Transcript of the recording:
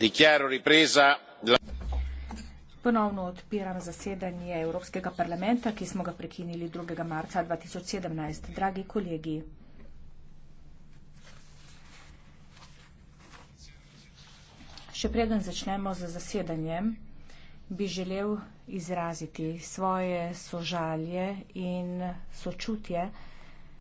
dichiaro ripresa la Ponovno odpiram zasedanje Evropskega parlamenta, ki smo ga prekinili 2. marca 2017. Dragi kolegi, še preden začnemo z zasedanjem, bi želel izraziti svoje sožalje in sočutje